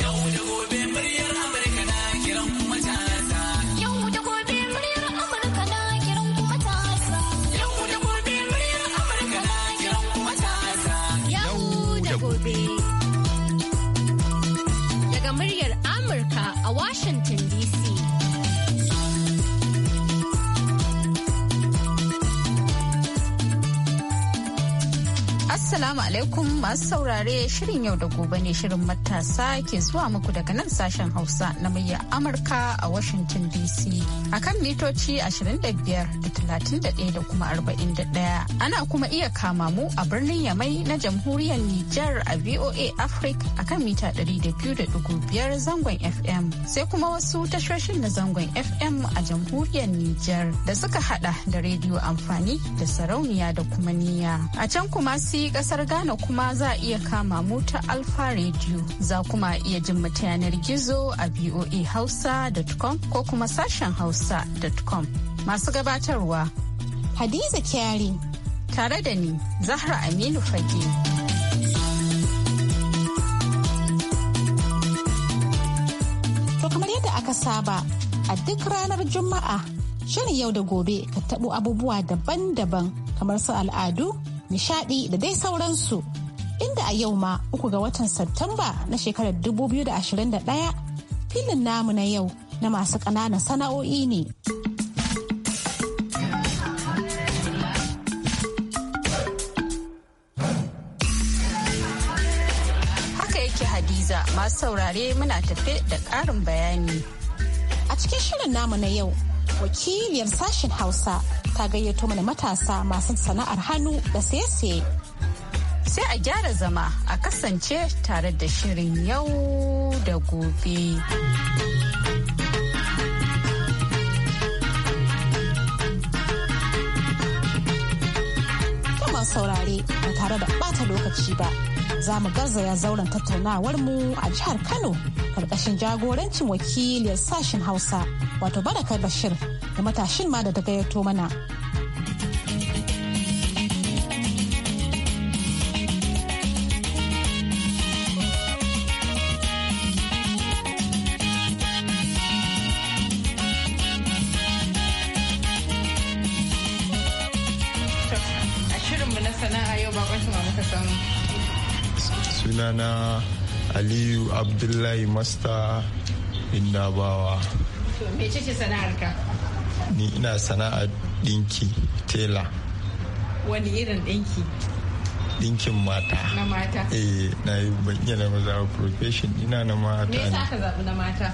Yau da gobe. Assalamu alaikum masu saurare shirin yau da gobe ne shirin matasa ke zuwa muku daga nan sashen Hausa na muryar Amurka a Washington DC a akan mitoci 25 da 31 da kuma 41. Ana kuma iya kama mu a birnin Yamai na jamhuriyar Nijar a VOA Africa a kan mita 200.5 zangon FM sai kuma wasu tashoshin na zangon FM a jamhuriyar Nijar da suka hada da rediyo amfani da sarauniya da kuma niya. A can kuma si kasar Ghana kuma za a iya kama mu ta Alfa Radio. Za kuma iya jin mu yanar gizo a voahausa.com ko kuma sashen hausa.com. Masu gabatarwa. Hadiza Kyari. Tare da ni, Zahra Aminu Fage. aka saba a duk ranar juma'a shirin yau da gobe ka tabo abubuwa daban-daban kamar su al'adu nishadi da dai sauransu. Inda a yau ma uku ga watan Satumba na shekarar 2021 filin namu na yau na masu ƙananan sana'o'i ne. Haka yake Hadiza masu saurare muna tafe da ƙarin bayani. A cikin shirin namu na yau wakiliyar sashen hausa ta gayyato mana matasa masu sana'ar hannu da sese. sai a gyara zama a kasance tare da shirin yau da gobe. saurare ba tare da bata lokaci ba za mu garzaya zauren tattaunawar mu a jihar kano karkashin jagorancin wakiliyar sashen hausa wato barakar bashir da matashin ma da ta gayyato mana sunana aliyu abdullahi masta indabawa mecece sana'arka ni ina sana'ar dinki tela wani irin dinki dinkin mata na mata eh na yi banyan na maza profession ina na mata me yasa ka zaɓi na mata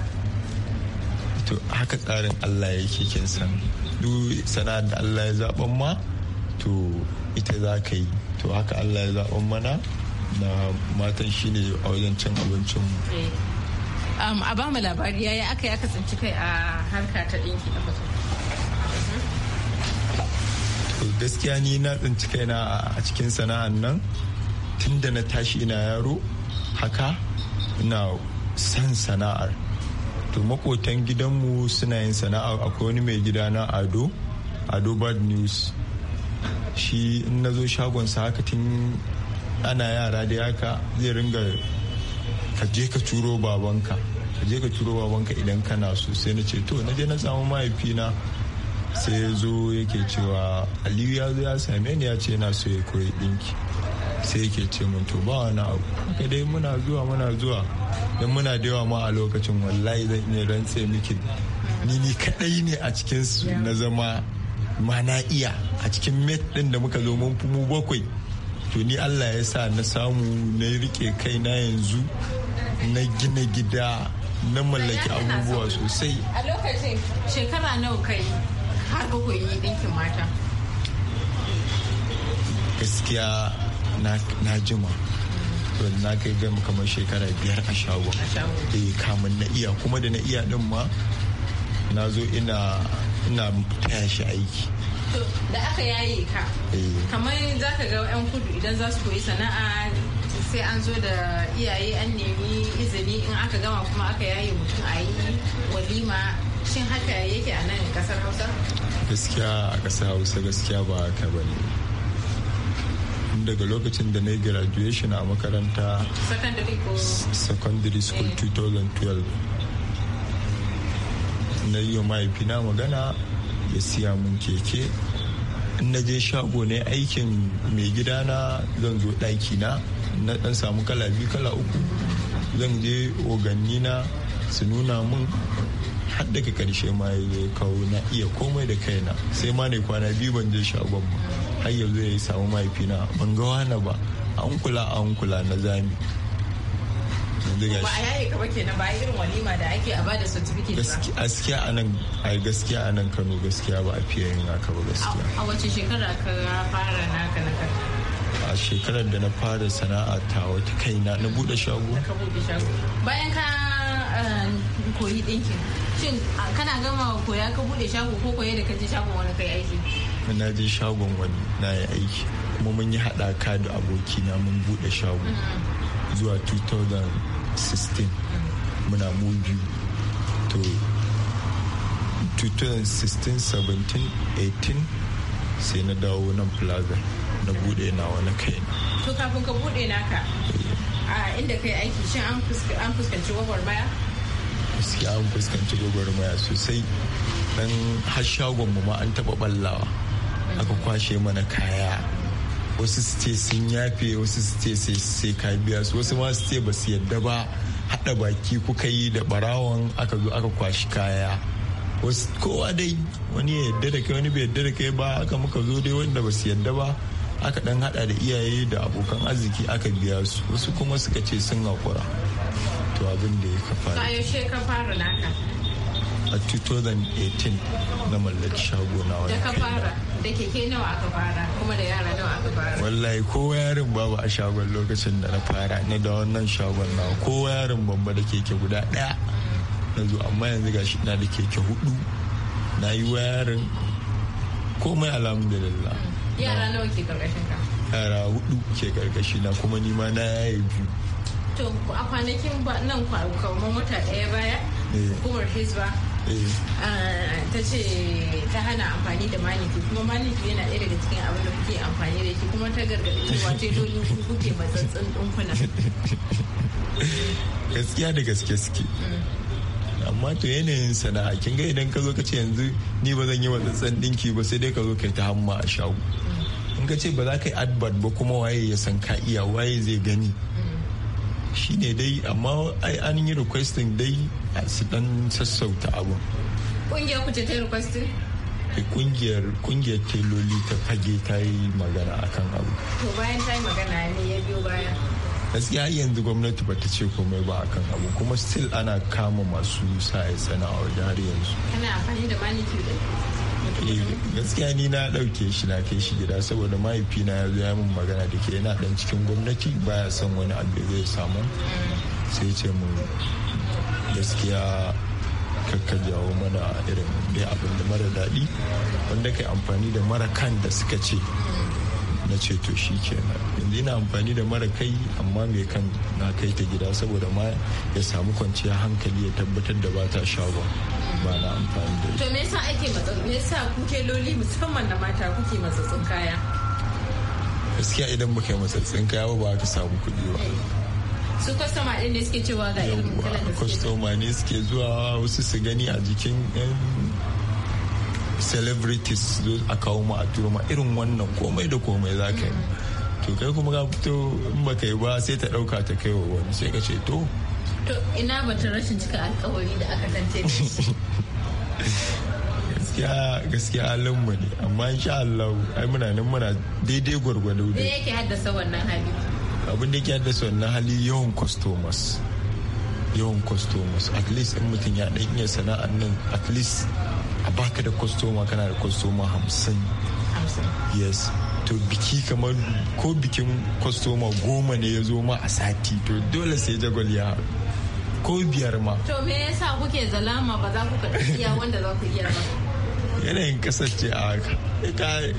to haka tsarin Allah yake kin san duk sana'ar da Allah ya zaɓan ma to ita za ka yi to haka Allah ya zaban mana na matan shine a wajen cin abincin mu. Eh. Um, a ba mu labari yaya aka yi aka tsinci kai a harka ta ɗinki a gaskiya ni na tsinci kaina a cikin sana'an nan tun da na tashi ina yaro haka ina san sana'ar to makotan gidanmu suna yin sana'a akwai wani mai gida na ado ado bad news shi in na zo shagonsa haka tun ana yara da yaka zai ringa ka je ka turo babanka ka je ka turo babanka idan kana so sai na ce to na je na samu mahaifina sai ya zo yake cewa aliyu ya zo ya same ni ya ce na so ya koyi dinki sai yake ce mun to ba wani abu haka dai muna zuwa muna zuwa don muna da yawa ma a lokacin wallahi zan iya rantse miki ni ni kadai ne a cikin su na zama ma iya a cikin met din da muka zo mun fi mu bakwai to ni allah ya sa na samu na rike na yanzu na gina gida na mallaki abubuwa sosai a lokacin shekara nawa kai har ka yi ɗinkin mata gaskiya na jima na kai gama kamar shekara biyar a shago eh kamun na iya kuma da na iya ɗin ma na zo ina ina taya shi aiki da aka yaye ka eh. kamar za ka ga 'yan kudu idan za su koyi sana'a sai an zo da iyaye an nemi izini in aka gama kuma aka yaye mutum a yi walima shin haka yake a nan kasar hausa gaskiya a kasar hausa gaskiya ba haka ba ne daga lokacin da na yi graduation a makaranta secondary school 2012 eh. na yi wa mahaifina magana ya siya mun keke in na je shago ne aikin mai gida na zan zo ɗaki na na ɗan samu kala biyu kala uku zan je oganni na su nuna mun har daga karshe ma ya kawo na iya komai da kaina sai ma ne kwana biyu ban je shagon ba har yanzu ya samu mahaifina ban ga wani ba an kula an kula na zami yanzu shi. ba a yayi kaba kenan ba irin walima da ake a bada certificate ba gaskiya anan ai gaskiya anan Kano gaskiya ba a fiye yin haka ba gaskiya a wace shekara ka fara naka na kanka a shekarar da na fara sana'a ta wata kaina na bude shago bayan ka eh, koyi ɗinkin shin kana gama koya ka bude shago ko koye da kaji shagon wani kai aiki na je shagon wani na yi aiki kuma mun yi haɗaka da abokina mun bude shago mm-hmm. zuwa 2016 muna mu biyu to 2016-17-18 sai na dawo nan plaza na bude nawa na kai to kafin ka bude naka a inda kai aiki shin an fuskanci gwagwarmaya gaskiya an fuskanci gwagwarmaya sosai dan har shagon mu ma an taba ballawa aka kwashe mana kaya wasu su ce sun yafe wasu su ce sai ka biya su wasu ma su ce ba su yadda ba hada baki kuka yi da barawon aka zo aka kwashi kaya wasu kowa dai wani ya yadda da kai wani bai yadda da kai ba aka muka zo dai wanda ba su yadda ba aka dan hada da iyaye da abokan arziki aka biya su wasu kuma suka ce sun haƙura to abin da ya kafa. fara a 2018 na mallaki shago na wani da fara da keke nawa aka fara kuma da yara nawa aka fara wallahi kowa yarin babu a shagon lokacin da na fara ne da wannan shagon nawa kowa yarin bamba da keke guda daya na zo amma yanzu gashi na da keke hudu na yi wa yarin komai alhamdulillah yara nawa ke karkashin ka yara hudu ke karkashi na kuma nima na yayi biyu to a kwanakin nan kwa kamar wata daya baya eh. hukumar hizba Eh, ta ce ta hana amfani da maliki kuma maliki yana ɗaya daga cikin abin da kuke amfani da shi kuma ta gargaɗi cewa dole ku kuke matsatsin ɗinkuna gaskiya da gaske suke amma to yanayin sana'a kin ga idan ka zo ka ce yanzu ni ba zan yi matsatsen dinki ba sai dai ka zo ka yi ta hamma a shago in ka ce ba za ka yi advert ba kuma waye ya san ka iya waye zai gani Shi ne dai amma ai an yi requesting dai su dan sassauta abun kungiyar ku ce ta requesting eh, kungiyar kungiyar teloli ta fage ta yi magana akan abu. To bayan ta yi magana ne ya biyo baya. Gaskiya yanzu gwamnati ba ta ce komai ba akan abu kuma still ana kama masu sa tsana a wajen yanzu. Kana amfani da maniki Eh, gaskiya ni na ɗauke shi na kai shi gida saboda mahaifina ya zo ya min magana da ke yana ɗan cikin gwamnati baya son wani abu zai samu sai ce mu gaskiya kakka jawo mana irin dai abin da mara daɗi wanda kai amfani da mara kan da suka ce na ce to shi kenan yanzu ina amfani da mara kai amma mai kan na kai ta gida saboda ma ya samu kwanciyar hankali ya tabbatar da ba ta shagon ba na amfani da shi. To me yasa ake me yasa kuke loli musamman na mata kuke matsatsin kaya? Gaskiya idan muka yi matsatsin kaya ba ba ka samu kuɗi ba. Su kwastoma ɗin ne suke cewa ga irin kalan da suke. Kwastoma ne suke zuwa wasu su gani a jikin eh, celebrities a kawo ma a turo ma irin wannan komai da komai za ka yi. Mm. To kai kuma ka fito in ka yi ba sai ta ɗauka ta kai wa wani sai ka ce to to ina batun rashin cika alkawari da aka tantance gaskiya gaskiya alanmu ne amma insha Allah ai muna nan muna daidai gwargwado ne yake haddasa wannan hali abin da yake haddasa wannan hali yawan customers yawan customers at least in mutum ya dan iya sana'ar nan at least a baka da customer kana da customer hamsin yes to biki kamar ko bikin customer goma ne ya zo ma a sati to dole sai jagwal ya ko biyar ma to me yasa kuke zalama ba za ku iya wanda za ku iya ba yanayin kasar ce a haka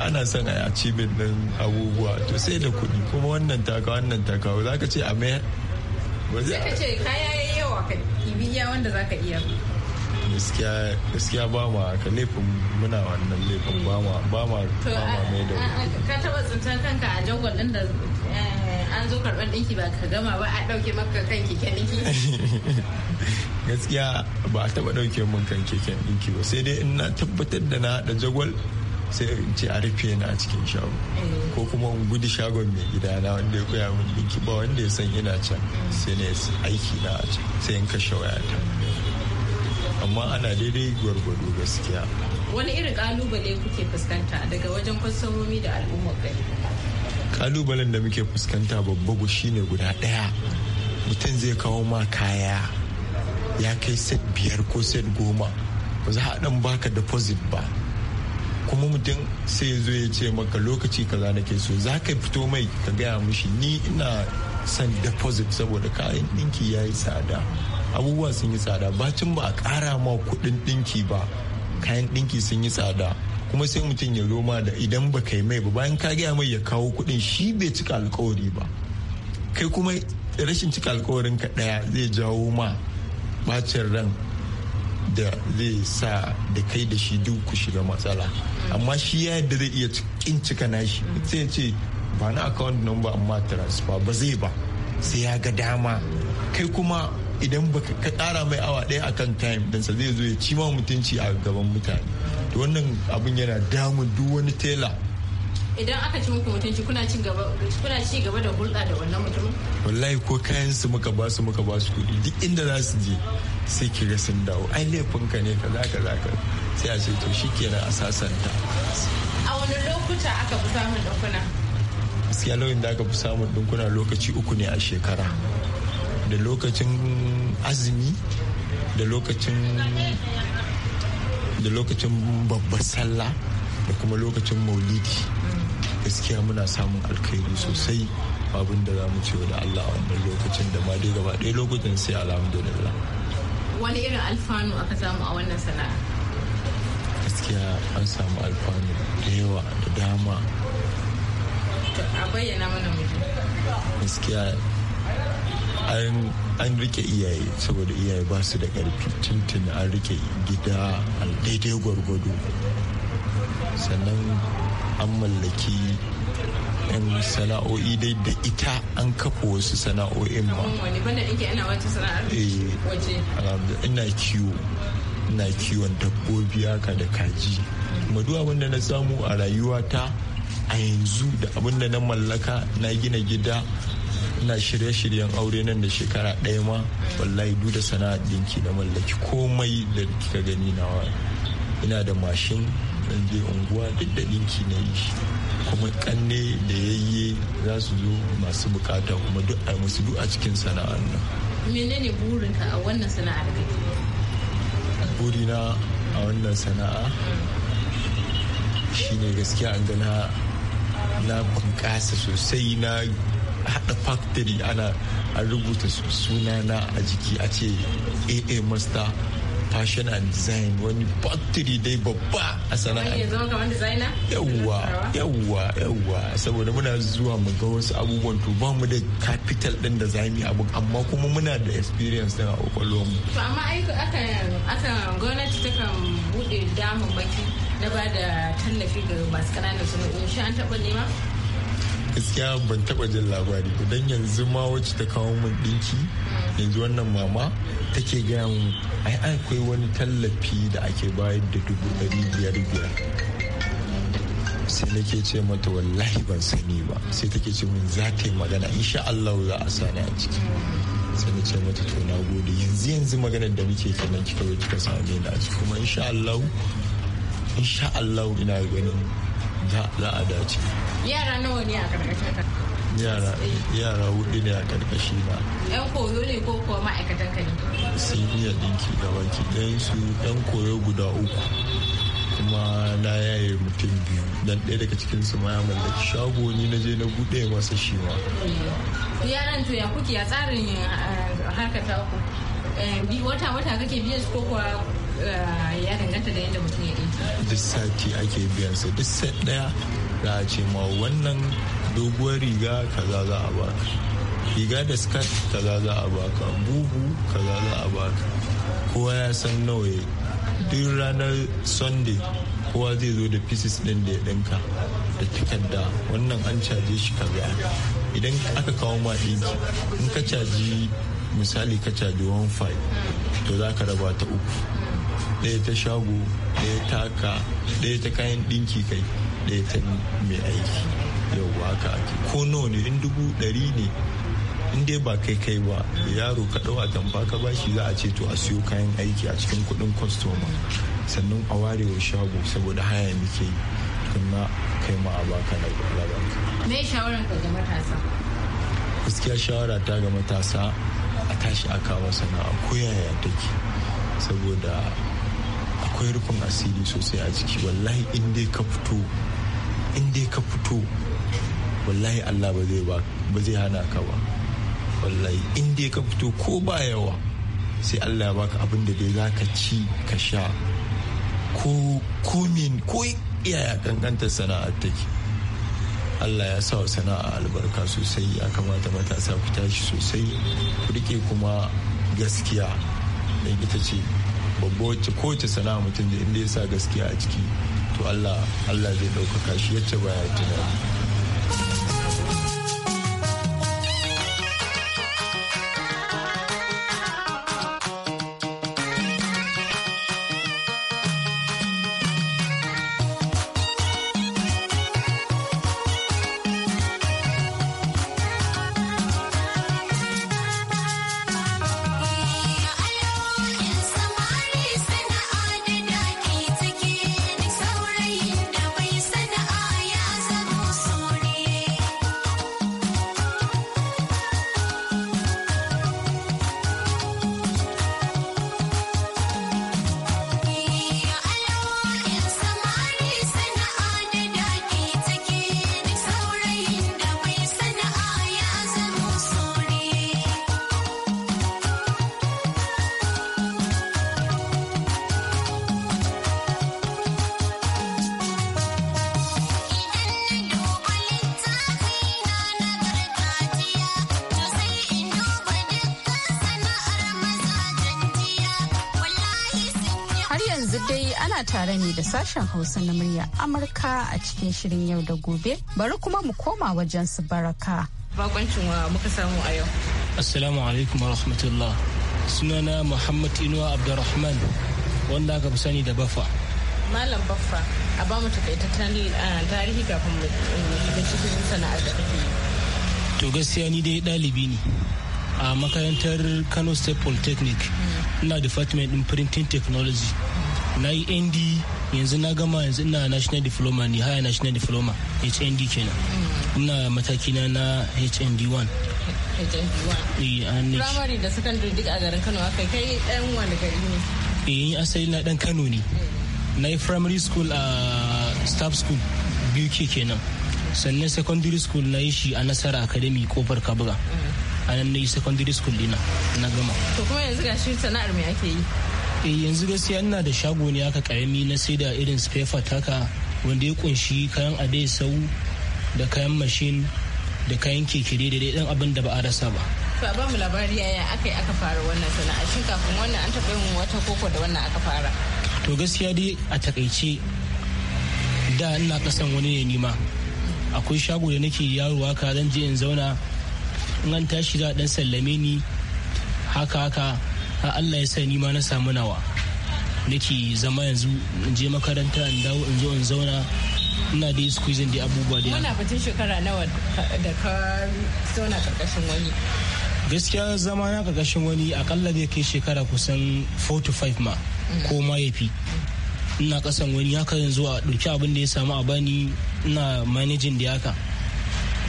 ana son a achievement din abubuwa to sai da kuɗi kuma wannan takawa wannan takawa za ka ce a mayar ba zai ka ce kaya ya yi yawa ka iya wanda za ka iya gaskiya ba ma ka laifin muna wannan laifin ba ma ba ma mai da ka taba tsintar kanka a jangon din da eh, an zo karɓar ɗinki ba ka gama ba a ɗauke maka kan keken ɗinki gaskiya ba a taɓa ɗauke min kan keken ɗinki ba sai dai in na tabbatar da na haɗa jagwal sai in ce a rufe na a cikin shago eh. ko kuma in gudu shagon mai gida na wanda ya koya min ɗinki ba wanda ya san ina can mm. sai ne aiki na a can sai in kashe wayata amma ana daidai gwargwado gaskiya wani irin kalubale kuke fuskanta daga wajen kwastomomi da al'ummar gari kalubalen da muke fuskanta babba gushi ne guda daya mutum zai kawo ma kaya ya kai set biyar ko set goma ba za a dan baka deposit ba kuma mutum sai zo ya ce maka lokaci kaza nake so za ka fito mai ka gaya mushi ni ina son deposit saboda kayan dinki ya yi tsada abubuwa sun yi tsada bacin ba a kara ma kuɗin dinki ba kayan dinki sun yi tsada kuma sai mutum ya roma da idan ba yi mai ba bayan ka gaya mai ya kawo kuɗin shi bai cika alkawari ba kai kuma rashin cika alkawarin ka ɗaya zai jawo ma bacin ran da zai sa da kai da shi duk ku shiga matsala amma shi ya yadda zai iya cikin cika nashi sai ce ba na account number amma transfer ba zai ba sai ya ga dama kai kuma idan baka ka kara mai awa ɗaya akan time dan sa zai zo ya ci ma mutunci a gaban mutane da wannan abin yana damun duk wani tela idan aka ci muku mutunci kuna ci gaba kuna ci gaba da hulɗa da wannan mutumin wallahi ko kayan su muka ba su muka ba su kuɗi duk inda za su je sai ki ga sun dawo ai laifin ka ne kaza kaza ka sai a ce to shikenan a sasanta a wani lokuta aka fi samun ɗinkuna gaskiya lokacin da aka fi samun dunkuna lokaci uku ne a shekara da lokacin azumi da lokacin da lokacin babbar sallah da kuma lokacin maulidi gaskiya muna samun alkhairi sosai abin da za mu ce da Allah a wannan lokacin da ma dai gaba ɗaya lokacin sai alhamdulillah wani irin alfanu aka samu a wannan sana'a gaskiya an samu alfanu da yawa da dama a bayyana mana mutum gaskiya an rike iyaye saboda iyaye ba su da karfi tuntun an rike gida daidai gwargwado sannan an mallaki yan sana'o'i dai da ita an kafa wasu sana'o'in ma eh, ina kiwo ina kiwon dabbobi haka da kaji maduwa wanda na samu a rayuwata a yanzu da abinda na mallaka na gina gida ina shirye-shiryen aure nan da shekara ɗaya ma wallahi duk da sana'a ɗinki na mallaki komai da kika gani nawa ina da mashin dan je unguwa duk da dinki na yi kuma kanne da yayye za su zo masu bukata kuma duk a musu duk a cikin sana'ar nan menene burinka a wannan sana'ar burina a wannan sana'a shine gaskiya an gana na bunƙasa sosai na haɗa factory ana a rubuta sunana a jiki a ce aa master fashion and design wani factory dai babba a sana'a yawwa yawwa yawwa saboda muna zuwa mu ga wasu abubuwan to ba mu da capital din da za mu abu amma kuma muna da experience na a kwakwalwar mu to amma aiko akan akan gwamnati ta kan bude damun baki na ba da tallafi ga masu kananan sana'o'i shi an taba nema gaskiya ban taba jin labari ba don yanzu ma wacce ta kawo min dinki yanzu wannan mama take gaya mu ai akwai wani tallafi da ake bayar da dubu ɗari biyar biyar sai nake ce mata wallahi ban sani ba sai take ce min za ta yi magana insha Allah za a sani a ciki sai na ce mata to na gode yanzu yanzu maganar da muke kenan kika zo kika same ni a ciki kuma insha Allah insha Allah ina ganin za a dace yara nawa ne a karkashin ka yara hudu ne a karkashi na yan koyo ne ko kuwa ma'aikatan ka ne sun iya dinki da baki ɗayan su ɗan koyo guda uku kuma na yaye mutum biyu dan ɗaya daga cikin su ma ya mallaki shago ni na je na buɗe masa shi ma yaran to ya kuke ya tsarin eh, harkata ku eh, wata wata kake biyan su ko kuwa Eh, da duk sati ake biyan sa duk set ɗaya za a ce ma wannan doguwar riga kaza za a baka riga da skirt kaza za a baka bubu kaza za a baka kowa ya san nawa duk ranar sunday kowa zai zo da pieces din da ya dinka da takarda wannan an caje shi kaza idan aka kawo ma ɗinki in ka caji misali ka caji 1.5 to za ka raba ta uku ɗaya ta shago ɗaya ka ɗaya ta kayan ɗinki kai ɗaya ta mai aiki yau haka ake ko nawa ne in dubu ɗari ne in dai ba kai kai ba yaro ka ɗau atamfa ka bashi za a ce to a siyo kayan aiki a cikin kuɗin kwastoma sannan a warewa shago saboda haya muke yi tukunna kai ma a baka na me shawarar ka ga matasa gaskiya shawara ta ga matasa a tashi a kawo sana'a ko yaya take saboda akwai rufin asiri sosai a ciki wallahi in ka fito in ka fito wallahi allah ba zai hana ka ba wallahi in ka fito ko ba yawa sai allah ya baka abin da dai zaka ci ka sha ko komin ko iyaya kankantar sana'ar take Allah ya sa sana'a albarka sosai ya kamata matasa ku tashi sosai ku rike kuma gaskiya don ita ce babba wacce kowace sana'a mutum da inda ya sa gaskiya a ciki to Allah Allah zai ɗaukaka shi yacce baya tunani tare ne da sashen Hausa na murya Amurka a cikin shirin yau da gobe. Bari kuma mu koma wajen su baraka. Bakoncin wa muka samu a yau. Assalamu alaikum wa rahmatullah. Sunana Muhammad Inuwa Abdulrahman wanda aka fi sani da Bafa. Malam Bafa, a ba mu takaitattun tarihi kafin mu cikin sana'ar da kake To gaskiya ni dai ɗalibi ne. a makarantar kano state polytechnic hmm. ina department in printing technology na yi nd yanzu na gama yanzu ina national diploma ni haya national diploma hnd kenan mm. ina mataki na na hnd 1 eh, primary da secondary duk a garin kano aka kai dan wani gari ne eh asali na dan kano ne mm. na yi primary school a staff school biyu ke kenan sannan secondary school na yi shi a nasara academy kofar kabuga mm. a nan na yi secondary school dina na gama to kuma yanzu ga shi sana'ar me ake yi eh yanzu gaskiya ina da shago ne aka karami na sai da irin spefa taka wanda ya kunshi kayan adai sau da kayan mashin da kayan kekere da dai dan abin da ba a rasa ba to a bamu labari yaya aka yi aka fara wannan sana'a shin kafin wannan an taɓa yin wata koko da wannan aka fara to gaskiya dai a takaice da ina kasan wani ne nima akwai shago da nake yaro haka zan je in zauna in an tashi za a dan sallame ni haka haka Allah ya sa ni ma na samu nawa nake zama yanzu in je makaranta in dawo in zo in zauna ina da yi squeezin da abubuwa da yana batun shekara nawa da ka zauna karkashin wani gaskiya zama na karkashin wani akalla zai kai shekara kusan 4 to 5 ma ko ma ya fi ina kasan wani haka yanzu a ɗauki abin da ya samu a bani ina managing da haka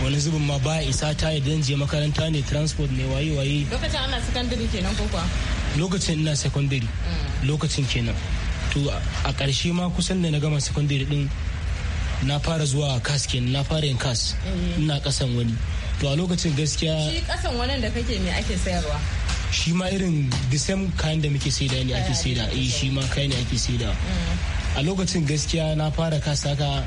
wani zubin ma ba isa ta idan je makaranta ne transport ne waye waye lokacin ana sakandare kenan ko kuwa lokacin ina secondary mm. lokacin kenan to a ƙarshe ma kusan da na gama secondary din na fara zuwa kas kenan na fara yin kas mm. ina kasan wani to a lokacin gaskiya shi kasan wannan da kake me ake sayarwa shi ma irin the same kayan da muke saida ne ake saida eh shi ma kayan ne ake saida mm. a lokacin gaskiya na fara kas haka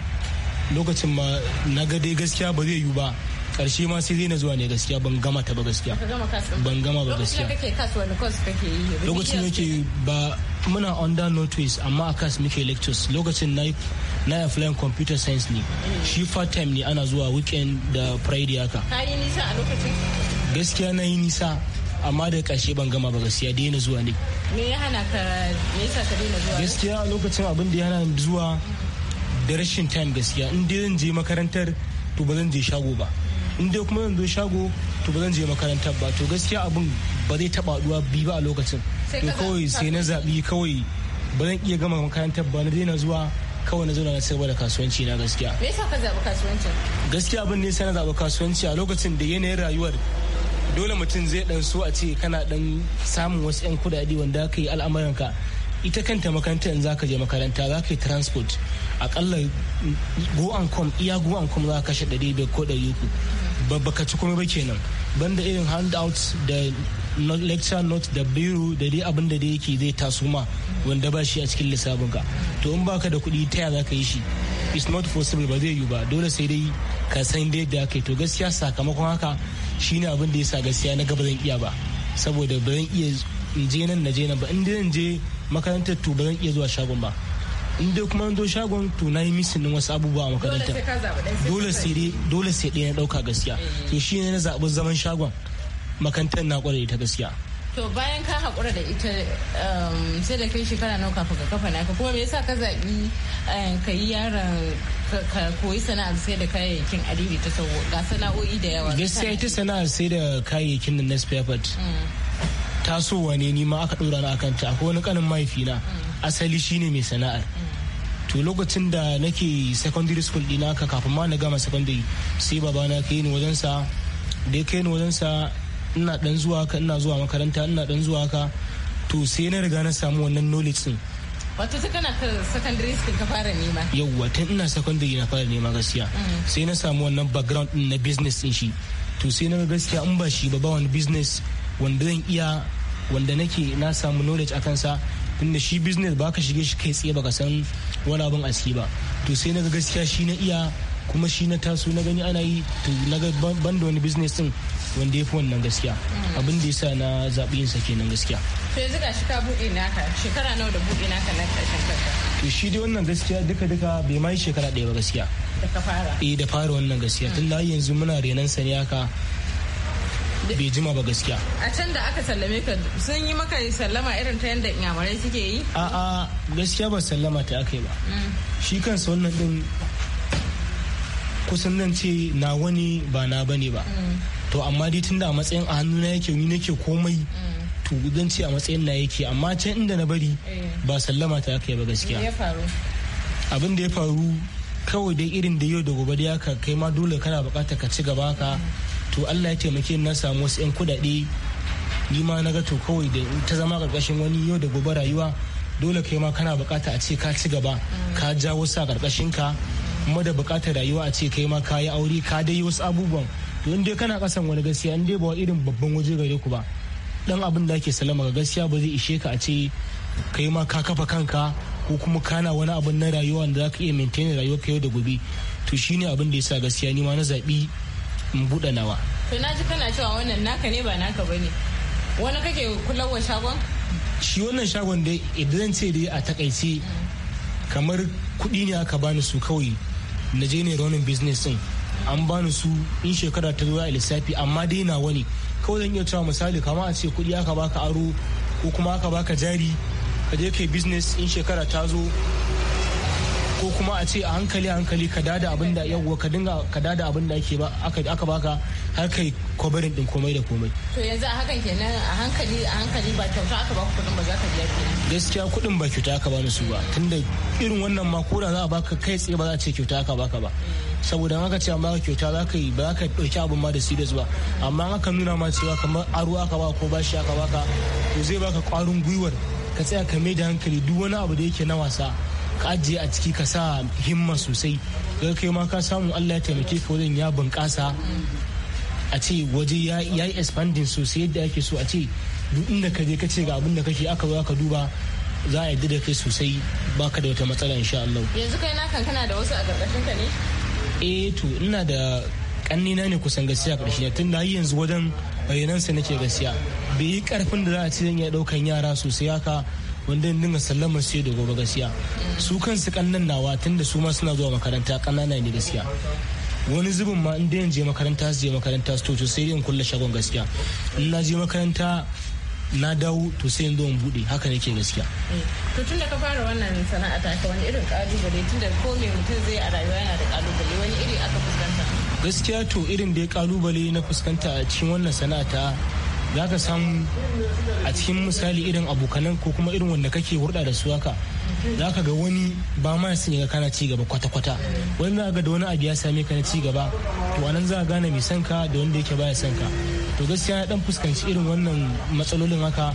lokacin ma na ga dai gaskiya ba zai yiwu ba karshe ma sai zai na zuwa ne gaskiya ban gama ta ba gaskiya ban gama ba gaskiya lokacin da ke ba muna under notice amma a kas muke lectures lokacin na na applying computer science ne mm. shi part time ne ana zuwa weekend da friday haka gaskiya na yi nisa amma da karshe ban gama ba gaskiya daina zuwa ne me ya hana ka me yasa ka daina zuwa gaskiya lokacin abin da ya hana zuwa da rashin time gaskiya in dai zan je makarantar to ba zan je shago ba in dai kuma zan zo shago to ba zan je makarantar ba to gaskiya abin ba zai taba duwa bi ba a lokacin to kawai sai na zabi kawai ba zan iya gama makarantar ba na daina zuwa kawai na zauna na cigaba da kasuwanci na gaskiya me yasa ka zabi kasuwanci gaskiya abin ne sai na zabi kasuwanci a lokacin da yanayin rayuwar dole mutum zai dan so a ce kana dan samun wasu yan kudade wanda ka yi al'amuranka ita kanta makaranta in zaka je makaranta za ka yi transport akalla go and come iya go and come za ka kashe 500 ko 300 baka ci komai ba kenan banda irin handouts da lecture notes da biro da dai abin da yake zai taso ma wanda ba shi a cikin lissafin ka to in baka da kuɗi ta za ka yi shi it's not possible ba zai yi ba dole sai dai ka san dai da kai to gaskiya sakamakon haka shine abin da yasa gaskiya na gaba zan iya ba saboda ba zan iya in je nan na je nan ba in je makarantar to ba zan iya zuwa shagon ba in dai kuma do shagon to na yi misin wasu abubuwa a makaranta dole sai dole sai dai na dauka gaskiya eh. to shi ne na zaɓi zaman shagon makarantar na kware ta gaskiya to bayan ka haƙura da ita um, sai da kai shekara nawa kafin ka kafa naka kuma me yasa ka zaɓi eh, ka yi yaran ka koyi sana'ar sai da kayayyakin adiri ta sauwa ga sana'o'i da yawa gaskiya ita sana'ar sai da kayayyakin na spare tasowa ne ni ma aka ɗora na akan ta akwai wani kanin mahaifina asali shine mai sana'ar to lokacin da nake secondary school ɗina ka kafin ma na gama secondary sai babana kai ni wajen sa da ya kai ni sa ina dan zuwa ka ina zuwa makaranta ina dan zuwa ka to sai na riga na samu wannan knowledge din wato ta kana secondary school ka fara nema yawwa tun ina secondary na fara nema gaskiya mm. sai na samu wannan background din na business din shi to sai na gaskiya in ba shi ba ba wani business wanda zan iya wanda nake na samu knowledge a kansa tunda shi business ba ka shige shi kai tsaye baka san wani abin aski ba to sai na ga gaskiya shi na iya kuma shi na taso na gani ana yi to na ga ban da wani business din wanda ya fi wannan gaskiya mm. abin da yasa na zaɓi yin sa kenan gaskiya to yanzu ga shi ka buɗe naka shekara nawa da buɗe naka na karshen kanka to shi dai wannan gaskiya duka duka bai ma yi shekara ɗaya ba gaskiya da ka fara eh da fara wannan gaskiya mm. tun da yanzu muna renan Sani haka bai jima ba gaskiya a can da aka sallame ka sun yi maka sallama irin ta yadda inyamurai suke yi a'a gaskiya ba sallama ta aka yi ba mm. shi kansa wannan din kusan nan ce na wani ba na bane ba mm. to amma dai tunda a matsayin a hannuna yake ni nake komai mm. to zan ce a matsayin na yake amma can inda na bari eh. ba sallama ta aka yi ba gaskiya abin da ya faru kawai dai irin da yau da gobe da ya kai ma dole kana bukata ka ci gaba ka to allah ya taimake na samu wasu 'yan kudade ni ma na gato to kawai da ta zama karkashin wani yau da gobe rayuwa dole kai ma kana bukata a ce ka ci gaba ka ja wasu a karkashin ka kuma da bukatar rayuwa a ce kai ma ka yi aure ka dai wasu abubuwan to in dai kana kasan wani gaskiya in dai ba irin babban waje gare ku ba dan abin da ake salama ga gaskiya ba zai ishe ka a ce kai ma ka kafa kanka ko kuma kana wani abin na rayuwa da zaka iya maintain rayuwa ka yau da gobe to shine abin da ya sa gaskiya ni ma na zabi in buɗe nawa to na ji kana cewa wannan naka ne ba naka ba ne wani kake kula wa shagon shi wannan shagon dai idan ce dai a takaice kamar kuɗi ne aka bani su kawai na je ne raunin business din an bani su in shekara ta zuwa lissafi amma dai na wani kawai zan iya cewa misali kama a ce kuɗi aka baka aro ko kuma aka baka jari ka je kai business in shekara ta zo kuma a ce a hankali hankali ka dada abin da yawwa ka dinga ka dada abin da ake aka baka har kai kwabarin din komai da komai to yanzu a hakan kenan a hankali a hankali ba kyauta aka baka kudin ba za ka biya kenan gaskiya kudin ba kyauta aka bani su ba tunda irin wannan ma kura za a baka kai tsaye ba za a ce kyauta aka baka ba saboda haka ce amma kyauta za ka yi ba ka ɗauki abin ma da serious ba amma haka nuna ma cewa kamar aro aka ba ko bashi aka baka to zai baka ƙwarin gwiwar ka tsaya ka mai da hankali duk wani abu da yake na wasa ka ajiye a ciki ka sa himma sosai ga kai ma ka samu allah ya taimake ka wajen ya bunƙasa a ce waje ya yi expanding sosai yadda ake so a ce duk inda ka je ka ce ga abin da kake aka zo ka duba za a yadda da kai sosai baka da wata matsala insha Allah. Yanzu kai na kana da wasu a karkashin ka ne? Eh to ina da kannina ne kusan gaskiya karshe tun da yanzu wajen bayanan sa nake gaskiya bai yi karfin da za a ce zan iya daukan yara sosai haka wanda yin dinga sallamar sai da gobe gaskiya su kansu kannan nawa da su ma suna zuwa makaranta kanana ne gaskiya wani zubin ma inda yin je makaranta su je makaranta su to sai yin kulle shagon gaskiya in na je makaranta na dawo to sai yanzu zuwan bude haka nake gaskiya to tun da ka fara wannan sana'a ta ka wani irin kalubale tun da ko me mutum zai a rayuwa yana da kalubale wani iri aka fuskanta gaskiya to irin da ya kalubale na fuskanta a cikin wannan sana'a ta za ka san a cikin misali irin abokanan ko kuma irin wanda kake hurɗa da su haka za ka ga wani ba ma ya sanya kana ci gaba kwata-kwata wani za ga da wani abu ya same ka na ci gaba to anan za a gane mai son ka da wanda yake baya san ka to gaskiya na dan fuskanci irin wannan matsalolin haka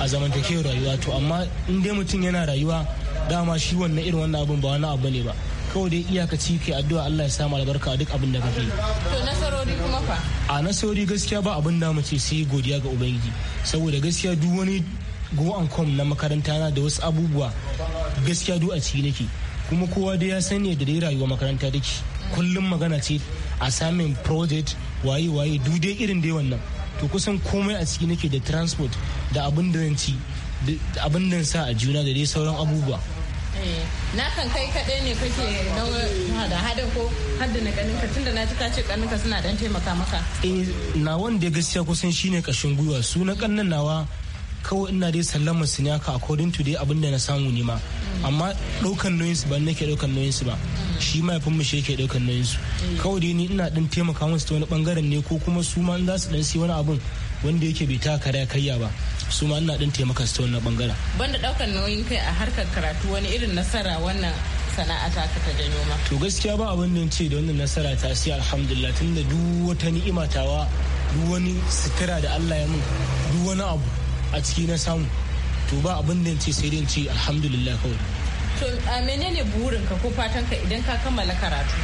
a zamantakewar rayuwa to amma in dai mutum yana rayuwa dama shi wannan irin wannan abun ba wani abu ne ba kawai dai iyakaci kai addu'a Allah ya samu albarka duk abin da kake to nasarori kuma fa a nasarori gaskiya ba abin da mace sai godiya ga ubangiji saboda gaskiya duk wani go and come na makaranta na da wasu abubuwa gaskiya duk a ciki nake kuma kowa dai ya ne da dai rayuwa makaranta dake kullum magana ce a samin project waye waye duk dai irin dai wannan to kusan komai a ciki nake da transport da abin da ci abin da sa a juna da dai sauran abubuwa Eh, na kan kai kaɗai ne kake da hada ko hada na ganin ka tunda na ji ka ce kanninka suna dan taimaka maka eh na wanda gaskiya kusan shine kashin gwiwa su na kannan nawa kawai ina dai sallama su ne haka according to dai abin da na samu ne ma amma daukan nauyin su ba nake daukan nauyin su ba shi ma yafin shi yake daukan nauyin su eh. kawai dai ni ina dan taimaka musu ta wani bangaren ne ko kuma su ma za su dan sai wani abun wanda yake bai ta kare kayya ba su ma ina dan taimaka su ta wannan bangaren banda daukan nauyin kai a harkar karatu wani irin nasara wannan sana'a ta ka ta janyo ma to gaskiya ba abin da ce da wannan nasara ta sai alhamdulillah tunda duk wata ni'ima tawa duk wani sutura da Allah ya mun duk wani abu a ciki na samu to ba abin da ce sai dai ce alhamdulillah kawai to a menene burinka ko fatanka idan ka kammala karatu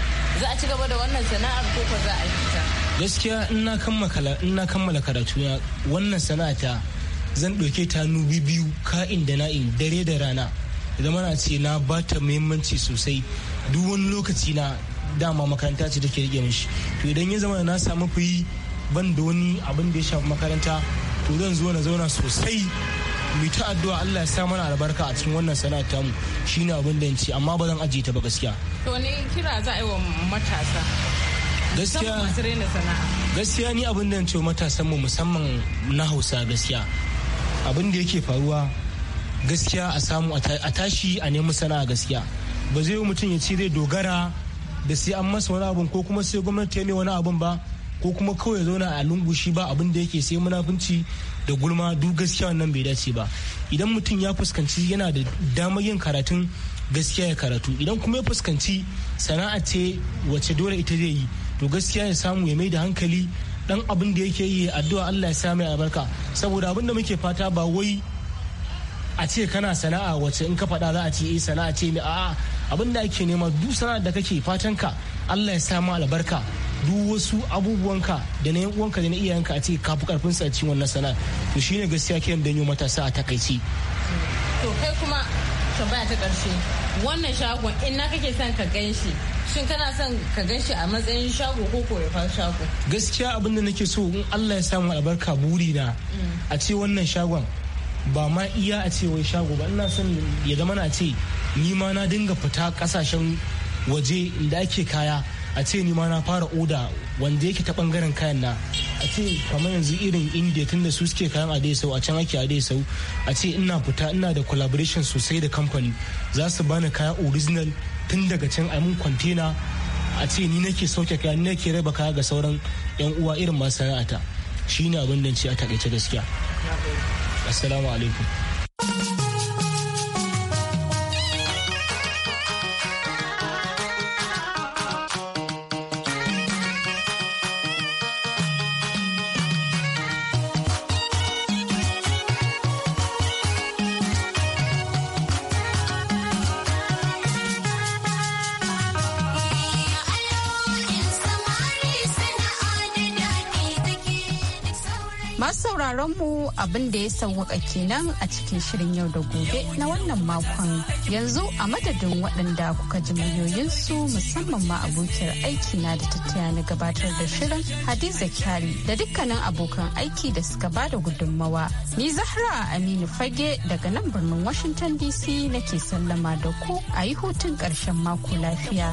za a ci gaba da wannan sana'ar ko ko za a yi ta gaskiya in kammala karatu na wannan sana'ata zan ɗauke ta nubi biyu ka'in da na'in dare da rana zamana mana ce na ba ta muhimmanci sosai duk wani lokaci na dama makaranta ce take rike mishi to idan ya zama na samu fi ban da wani abin da ya shafi makaranta to zan zo na zauna sosai mai ta addu'a Allah ya sa mana albarka a cikin wannan sana'a tamu shine abin da ya ce amma ba zan ajiye ta ba gaskiya to ne kira za a yi wa matasa gaskiya gaskiya ni abin da ce matasan mu musamman na hausa gaskiya abin da yake faruwa gaskiya a samu a tashi a nemi sana'a gaskiya ba zai yi mutum ya ce zai dogara da sai an masa wani abin ko kuma sai gwamnati ya mai wani abin ba ko kuma kawai ya zauna a lungushi ba abin da yake sai munafunci da gulma duk gaskiya wannan bai dace ba idan mutum ya fuskanci yana da damar yin karatun gaskiya ya karatu idan kuma ya fuskanci sana'a ce wacce dole ita zai yi to gaskiya ya samu ya mai da hankali dan abin da yake yi addu'a Allah ya samu albarka saboda abin da muke fata ba wai a ce kana sana'a wacce in ka faɗa za a ce eh sana'a ce ne a'a abin da ake nema duk sana'ar da kake fatan ka Allah ya samu albarka duk wasu abubuwanka da na uwanka da na iyayenka a ce ka fi karfin sa cikin wannan sana'a to shine gaskiya kiyan danyo matasa a takaici to kai kuma tambaya ta karshe wannan shagon in na kake son ka gan shi Shin kana son ka gan shi a matsayin shago ko ya shago? Gaskiya abin da nake so in Allah ya samu albarka buri na mm. a ce wannan shagon ba ma iya a ce wai shago ba ina son ya zama na ce ni ma na dinga fita kasashen waje inda ake kaya a ce ni ma na fara oda wanda yake ta bangaren kayan na a ce kamar yanzu irin india tunda su suke kayan sau a can ake sau a ce ina fita ina da collaboration sosai da kamfani za su bani kaya original tun daga can a mun kwantena a ce ni nake sauke kaya ni nake raba kaya ga sauran yan uwa irin masana'ata shine abin da ce a takaice gaskiya assalamu alaikum sauraron mu abin da ya sauwaka kenan a cikin shirin yau da gobe na wannan makon yanzu a madadin waɗanda kuka ji su musamman ma abokiyar aiki na da tattaya na gabatar da shirin hadiza kyari da dukkanin abokan aiki da suka ba da gudunmawa ni zahra aminu fage daga nan birnin washington dc nake sallama da ku a yi hutun ƙarshen mako lafiya.